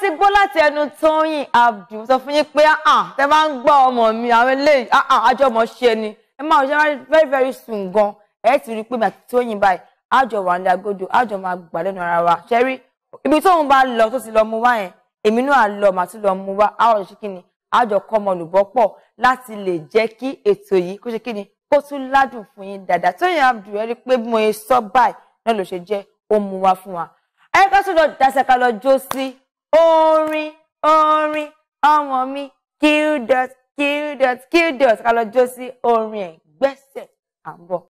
ti gbọ́ láti ẹnu Tóyìn Abdul sọ fún yín pé ah, ah, tẹ bá ń gbọ́ ọmọ mi àwọn eléyìí ah, àjọmọ̀ ṣe ni ẹ máa ṣe very very soon gan ẹ ti rí i pé màtí Tóyìn báyìí àjọ wà ní agodo àjọ máa gbà lẹ́nu ara wa ṣe rí ibi tóun bá lọ tó ti lọ mú wá yẹn èmi náà lọ màá tún lọ mú wá àwọn ọ̀ṣẹ́ kí ni àjọ kọ́ ọmọ olùbọ́ pọ̀ láti lè jẹ́ kí ètò yìí kó ṣe kí ni kó tún ládùn fún yín dáadáa Tóyìn Abdul ẹ rí i pé mo sọ báyìí náà ló ṣe jẹ́ ó mú wá fún wa ẹ ká lọ dáṣẹ́ lọ jó sí orin orin ọmọ mi q dot q dot q dot ká sí orin ẹ̀ gbẹ́sẹ̀ à